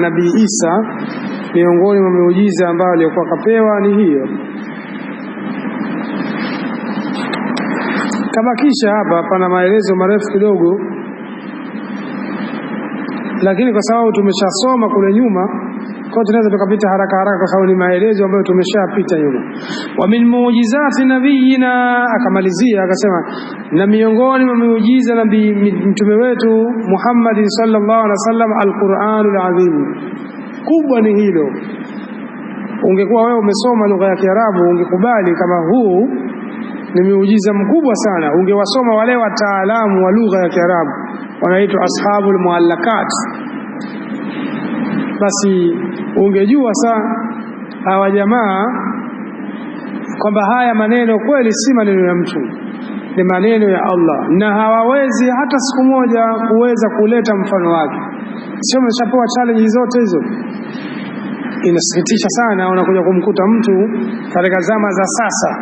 Nabii Isa, miongoni mwa miujiza ambayo aliyokuwa akapewa ni hiyo. Kama kisha hapa pana maelezo marefu kidogo, lakini kwa sababu tumeshasoma kule nyuma kwa tunaweza tukapita haraka haraka, kwa sababu ni maelezo ambayo tumeshapita yule. Wa min muujizati nabiyina, akamalizia akasema, na miongoni mwa miujiza na mtume wetu Muhammad sallallahu alaihi wasallam alquranul azim. Kubwa ni hilo. Ungekuwa wewe umesoma lugha ya Kiarabu ungekubali kama huu ni miujiza mkubwa sana. Ungewasoma wale wataalamu wa lugha ya Kiarabu wanaitwa ashabul muallakat. Basi Ungejua saa hawa jamaa kwamba haya maneno kweli si maneno ya mtu, ni maneno ya Allah, na hawawezi hata siku moja kuweza kuleta mfano wake. Sio meshapewa challenge zote hizo. Inasikitisha sana, unakuja kumkuta mtu katika zama za sasa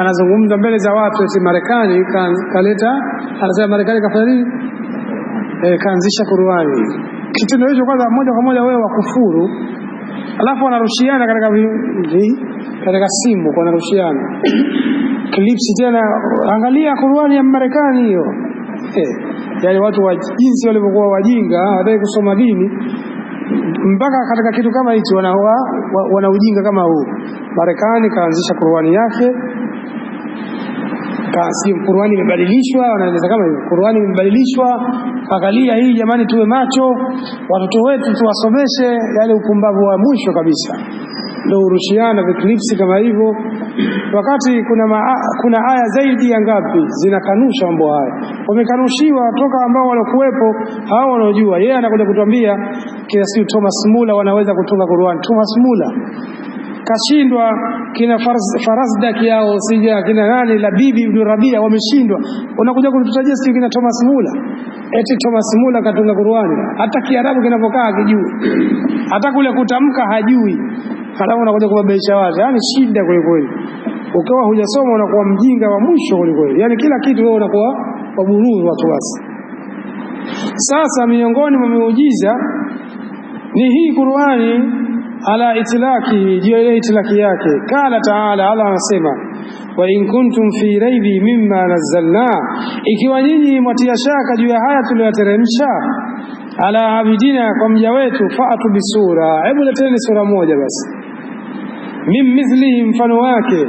anazungumza mbele za watu eti Marekani kaleta, anasema Marekani kafanya nini? E, kaanzisha Qur'ani kitendo hicho kwanza moja kwa moja wewe wakufuru, alafu wanarushiana katika katika simu kwa wanarushiana clips tena, angalia Qur'ani ya Marekani hiyo eh, yani watu wa jinsi walivyokuwa wajinga, hawataki kusoma dini mpaka katika kitu kama hicho wana, wana ujinga kama huu. Marekani kaanzisha Qur'ani yake kasi, Qur'ani imebadilishwa, wanaeleza kama hivyo, Qur'ani imebadilishwa Angalia hii jamani, tuwe macho, watoto wetu tuwasomeshe yale upumbavu wa mwisho kabisa, ndio urushiana viklipsi kama hivyo, wakati kuna ma, kuna aya zaidi ya ngapi zinakanusha mambo haya. Wamekanushiwa toka ambao walokuwepo hao wanaojua. Yeye anakuja kutuambia kila Thomas Muller wanaweza kutunga Qur'an. Thomas Muller kashindwa kina Farasdak yao sija kina nani la bibi ibn Rabia wameshindwa, unakuja kututajia sio kina Thomas Mula, eti Thomas Mula katunga Qur'ani, hata Kiarabu kinapokaa kijui, hata kule kutamka hajui, halafu unakuja kubabaisha watu. Yani shida kweli kweli, ukawa hujasoma unakuwa mjinga wa mwisho kweli kweli, yani kila kitu wewe unakuwa waburuzi watu wasi. Sasa miongoni mwa miujiza ni hii Qur'ani ala itilaki, juu ile itlaki yake. Kala taala, Allah anasema wa in kuntum fi raibi mimma nazzalna, ikiwa nyinyi mwatia shaka juu ya haya tuliyoteremsha ala abidina, kwa mja wetu, faatu bisura, hebu leteni sura moja basi, min mithlihi, mfano wake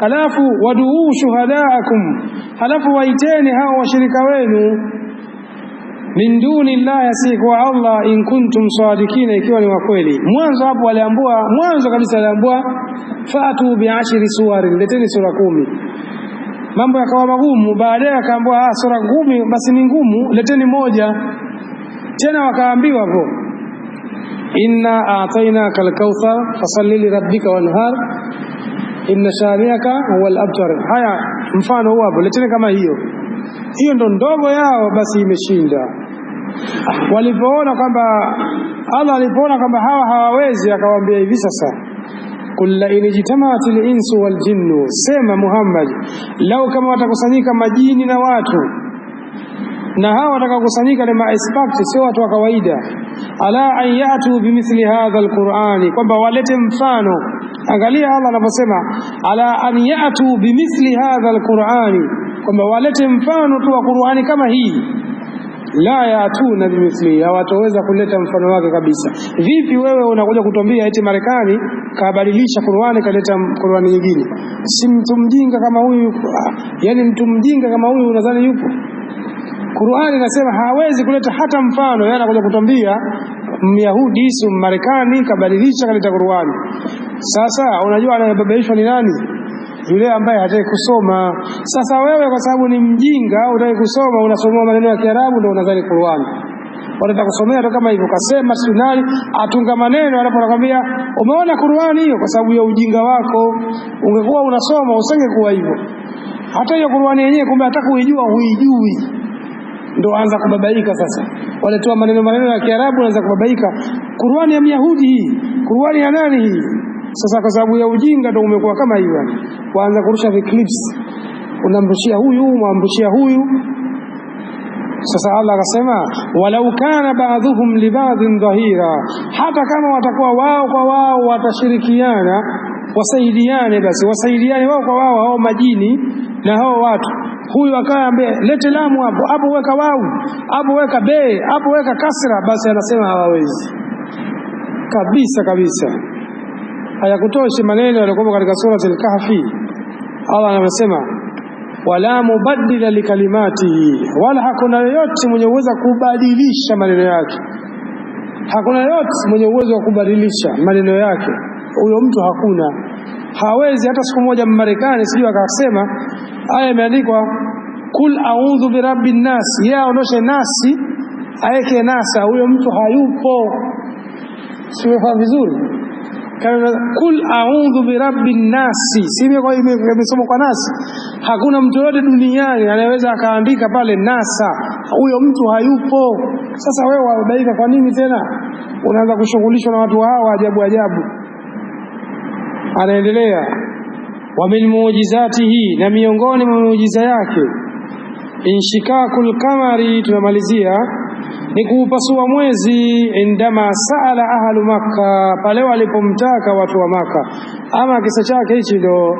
halafu waduu shuhadaakum, halafu waiteni hao washirika wenu min duni llahi, asiyekuwa Allah, in kuntum sadikina, ikiwa ni wakweli. Mwanzo hapo waliambua, mwanzo kabisa waliambua fatu biashiri suwarin, leteni sura kumi. Mambo yakawa magumu, baadaye ah, sura ngumi, basi ni ngumu, leteni moja tena. Wakaambiwa hapo inna atainaka alkauthar fasalli lirabbika wanhar inna shaniaka huwa alabtar. Haya, mfano huo hapo, leteni kama hiyo hiyo ndo ndogo yao, basi imeshinda. Walipoona kwamba Allah alipoona kwamba hawa hawawezi, akawaambia hivi sasa, kulla la in ijtamaat al insu wal jinnu, sema Muhammad, lau kama watakusanyika majini na watu na hawa watakakusanyika ni ma sio watu wa kawaida. ala an yatu bimithli hadha alqurani, kwamba walete mfano. Angalia Allah anaposema ala an yatu bimithli hadha alqurani, kwamba walete mfano tu wa Qurani kama hii la yatuna bimithlihi, hawatoweza kuleta mfano wake kabisa. Vipi wewe unakuja kutuambia eti Marekani kabadilisha Qur'ani kaleta Qur'ani nyingine? Si mtu mjinga kama huyu, ah, yani mtu mjinga kama huyu unadhani yupo? Qur'ani inasema hawezi kuleta hata mfano, yeye anakuja kutuambia Myahudi si Marekani kabadilisha kaleta Qur'ani. Sasa unajua anayebabaishwa ni nani? yule ambaye hataki kusoma. Sasa wewe kwa sababu ni mjinga, unataka kusoma, unasoma maneno ya Kiarabu ndio unadhani Qur'an wanataka kusomea tu kama hivyo, kasema sunali atunga maneno, alafu anakwambia umeona Qur'ani hiyo. Kwa sababu ya ujinga wako, ungekuwa unasoma usenge kuwa hivyo. Hata hiyo Qur'ani yenyewe kumbe hata kuijua huijui, ndio anza kubabaika sasa. Waletoa maneno maneno ya Kiarabu, anaanza kubabaika. Qur'ani ya Myahudi hii, Qur'ani ya nani hii? Sasa kwa sababu ya ujinga ndio umekuwa kama hiyo, waanza kurusha clips, unamrushia huyu, mwamrushia huyu. Sasa Allah akasema, walau kana baadhuhum baadhin dhahira, hata kama watakuwa wao kwa wao watashirikiana, wasaidiane, basi wasaidiane wao kwa wao, hao majini na hao watu huyu akawa ambaye lete lamu hapo hapo, weka wau hapo, weka be hapo, weka kasra, basi anasema hawawezi kabisa kabisa hayakutoshi maneno yaliyokuwa katika surati al-Kahfi. Allah anasema wala mubaddila likalimatihi, wala hakuna yoyote mwenye uwezo wa kubadilisha maneno yake. Hakuna yoyote mwenye uwezo wa kubadilisha maneno yake, huyo mtu hakuna, hawezi hata siku moja. Mmarekani sijui akasema aya imeandikwa kul audhu birabbi nnasi yeye aondoshe nasi aweke nasa, huyo mtu hayupo. Simefahamu vizuri kul a'udhu birabbin nnasi sivyo? Kwa imesoma kwa nasi. Hakuna mtu yoyote duniani anayeweza akaandika pale nasa, huyo mtu hayupo. Sasa wewe wabaika, kwa nini tena unaanza kushughulishwa na watu hawa ajabu ajabu? Anaendelea, wa min muujizatihi, na miongoni mwa muujiza yake, inshikaku lkamari, tunamalizia ni kuupasua mwezi. Indama saala ahlu Makka, pale walipomtaka watu wa Maka. Ama kisa chake hichi ndo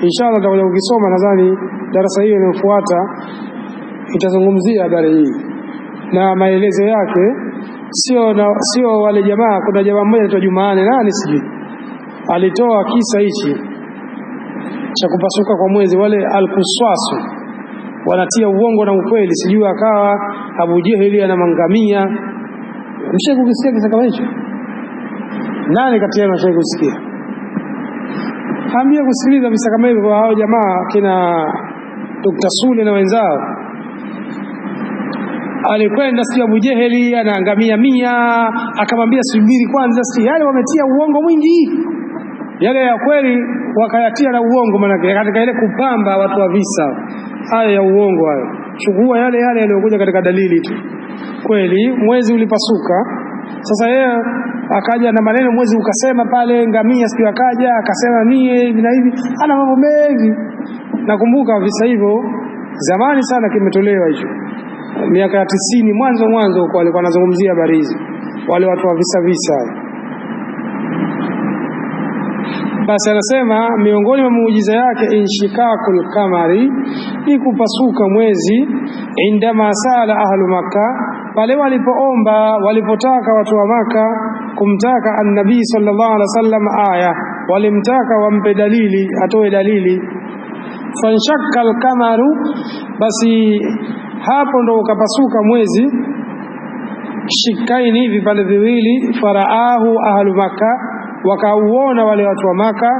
inshallah tutakuja kukisoma, nadhani darasa hiyo inayofuata itazungumzia habari hii na maelezo yake. Sio na, sio wale jamaa. Kuna jamaa mmoja anaitwa Jumaane, nani sijui, alitoa kisa hichi cha kupasuka kwa mwezi, wale alkuswasu wanatia uongo na ukweli, sijui akawa Abu Jahili ana mangamia. Mshawahi kusikia kisa kama hicho? Nani kati yenu ashawahi kusikia? Ambia kusikiliza visa kama hivyo, hao jamaa kina Dr. Sule na wenzao, alikwenda si Abu Jeheli anaangamia mia, akamwambia subiri kwanza, si yale wametia uongo mwingi, yale ya kweli wakayatia na uongo, maana katika ile kupamba watu wa visa hayo ya uongo hayo chukua yale yale yaliyokuja katika dalili tu. Kweli mwezi ulipasuka, sasa yeye akaja na maneno, mwezi ukasema pale, ngamia sio, akaja akasema mie hivi na hivi, ana mambo mengi. Nakumbuka visa hivyo zamani sana, kimetolewa hicho miaka ya tisini, mwanzo mwanzo huko walikuwa wanazungumzia habari hizo, wale watu wa visa visa. Basi anasema miongoni mwa muujiza yake inshikakul kamari vipi kupasuka mwezi? Indama sala ahlu Makka, pale walipoomba walipotaka watu wa Maka kumtaka annabii sallallahu alaihi wasallam aya, walimtaka wampe dalili, atoe dalili. Fanshakka alqamaru, basi hapo ndo ukapasuka mwezi shikaini, vipande viwili. Faraahu ahlu Makka, wakauona wale watu wa Maka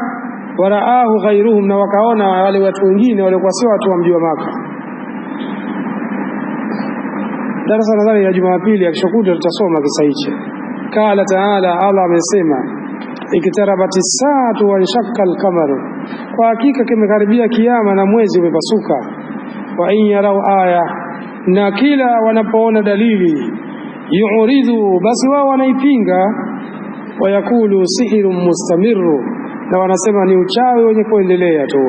waraahu ghairuhum, na wakaona wale watu wengine waliokuwa sio watu wa mji wa Maka. Darasa nadhani ya Jumapili akishakuta tutasoma kisa hicho. Qala taala, Allah amesema Ikitarabati saatu wanshaka alkamaru, kwa hakika kimekaribia kiama na mwezi umepasuka. Wa in yarau aya, na kila wanapoona dalili, yuridhu, basi wao wanaipinga. Wayakulu sihirun mustamiru, na wanasema ni uchawi wenye kuendelea tu.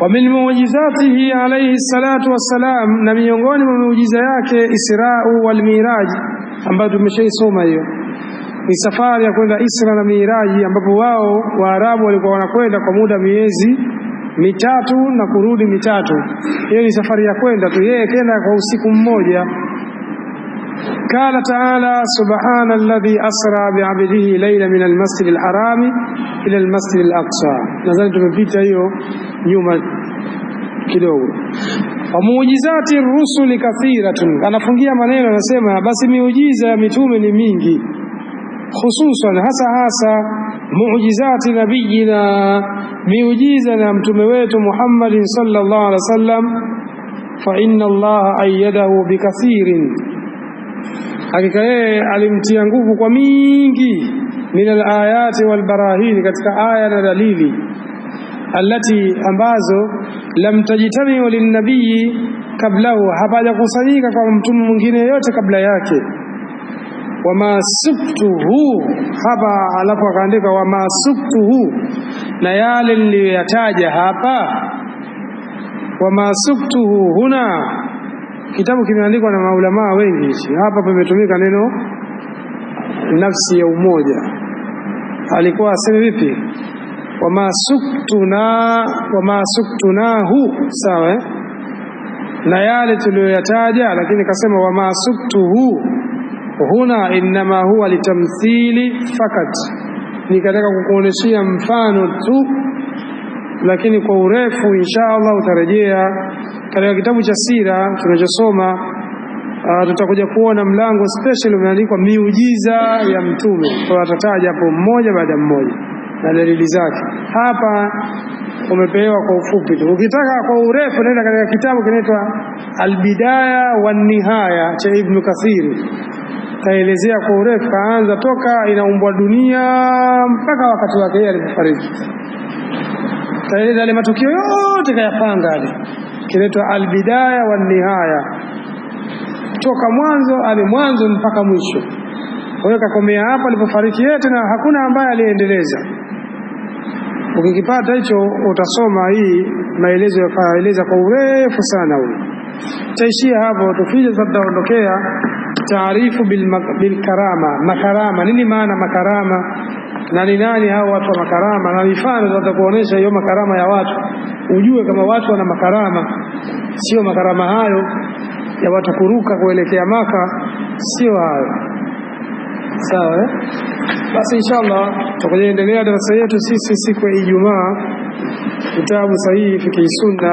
Wa min mu'jizatihi alayhi salatu wassalam, na miongoni mwa miujiza yake Isra'u wal Miraj, ambayo tumeshaisoma hiyo ni safari ya kwenda Isra na Miraji, ambapo wao Waarabu walikuwa wanakwenda kwa muda miezi mitatu na kurudi mitatu. Hiyo ni safari ya kwenda tu, yeye kenda kwa usiku mmoja. قال تعالى سبحان الذي asra بعبده ليلا min المسجد الحرام إلى المسجد الأقصى nadhani tumepita hiyo nyuma kidogo wamuujizati rusuli kathiratun anafungia maneno anasema basi miujiza ya mitume ni mingi hususan hasa hasa muujizati nabiyina miujiza na mtume wetu Muhammadin sallallahu alaihi wasallam fa inna allaha ayyadahu bikathirin hakika yeye alimtia nguvu kwa mingi, min alayati walbarahini, katika aya na dalili, alati ambazo lam tajtamiu linnabii kablahu, hapajakusanyika kwa mtume mwingine yote kabla yake. Wama suktuhu hapa, alafu akaandika wama suktuhu, na yale niliyoyataja hapa. Wama suktuhu huna Kitabu kimeandikwa na maulamaa wengi hichi. Hapa pametumika neno nafsi ya umoja. Alikuwa aseme vipi? wama suktuna sawa eh? na yale tuliyoyataja, lakini kasema wamasuktuhu huna innama huwa litamthili fakat, nikataka kukuoneshia mfano tu, lakini kwa urefu insha Allah utarejea katika kitabu cha sira tunachosoma uh, tutakuja kuona mlango special umeandikwa miujiza ya mtume. Kwa atataja hapo mmoja baada mmoja na dalili zake. Hapa umepewa kwa ufupi tu. Ukitaka kwa urefu, nenda katika kitabu kinaitwa Albidaya wa Nihaya cha Ibn Kathiri, kaelezea kwa urefu, kaanza toka inaumbwa dunia mpaka wakati wake yeye alipofariki, kaeleza yale matukio yote kayapanga ali kinaitwa albidaya wan nihaya, toka mwanzo ani mwanzo mpaka mwisho. Kwa hiyo kakomea hapo alipofariki yeye, tena hakuna ambaye aliendeleza. Ukikipata hicho utasoma hii maelezo yaeleza kwa urefu sana. Huyu taishia hapo, tukija tutaondokea taarifu bilkarama. Makarama nini maana makarama, na ni nani hao watu wa makarama, na mifano tutakuonesha hiyo makarama ya watu ujue kama watu wana makarama, sio makarama hayo ya watu kuruka kuelekea Maka, sio hayo sawa. Eh, basi inshallah tutaendelea darasa yetu sisi siku ya Ijumaa, kitabu sahihi fikihi sunna.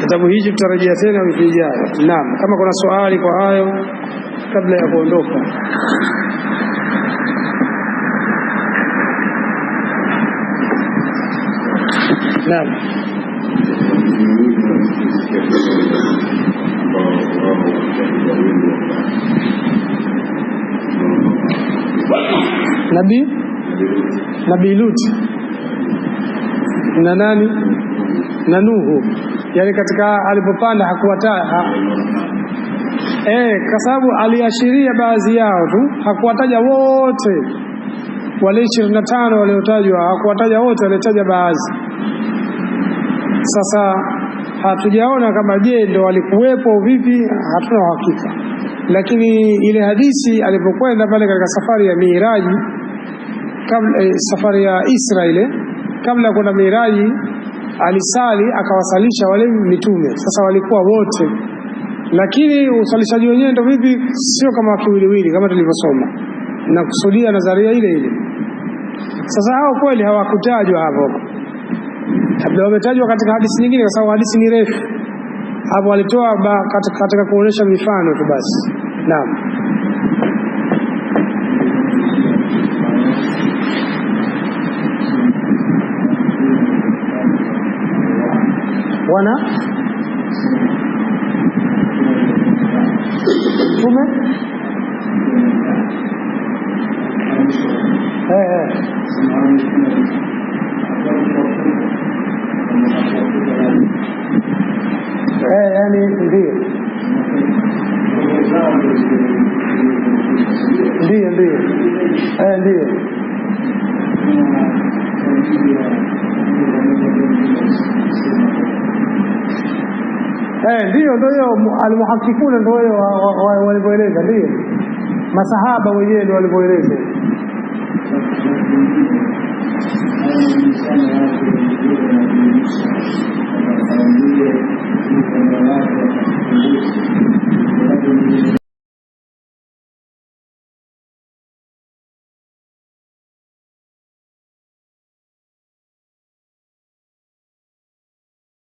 Kitabu hichi tutarajia tena wiki ijayo. Naam, kama kuna swali kwa hayo kabla ya kuondoka Naam. Nabii Nabii Luti na nani na Nuhu, yani katika alipopanda hakuwata ha, eh, kwa sababu aliashiria baadhi yao tu, hakuwataja wote wale ishirini na tano waliotajwa, hakuwataja wote, walitaja baadhi sasa hatujaona kama je, ndo walikuwepo vipi, hatuna uhakika. Lakini ile hadithi alipokwenda pale katika safari ya Miraji kabla, eh, safari ya Isra ile kabla kuna Miraji alisali akawasalisha wale mitume. Sasa walikuwa wote, lakini usalishaji wenyewe ndo vipi, sio kama kiwiliwili kama tulivyosoma na kusudia nadharia ile ile. Sasa hao kweli hawakutajwa hapo labda wametajwa katika hadithi nyingine, kwa sababu hadithi ni refu. Hapo walitoa katika, katika kuonesha mifano tu basi. Naam. wana tume eh, eh. Eh, ndiyo, eh, ndio hiyo almuhakikuna, ndio hiyo walivyoeleza, masahaba wenyewe ndio walivyoeleza.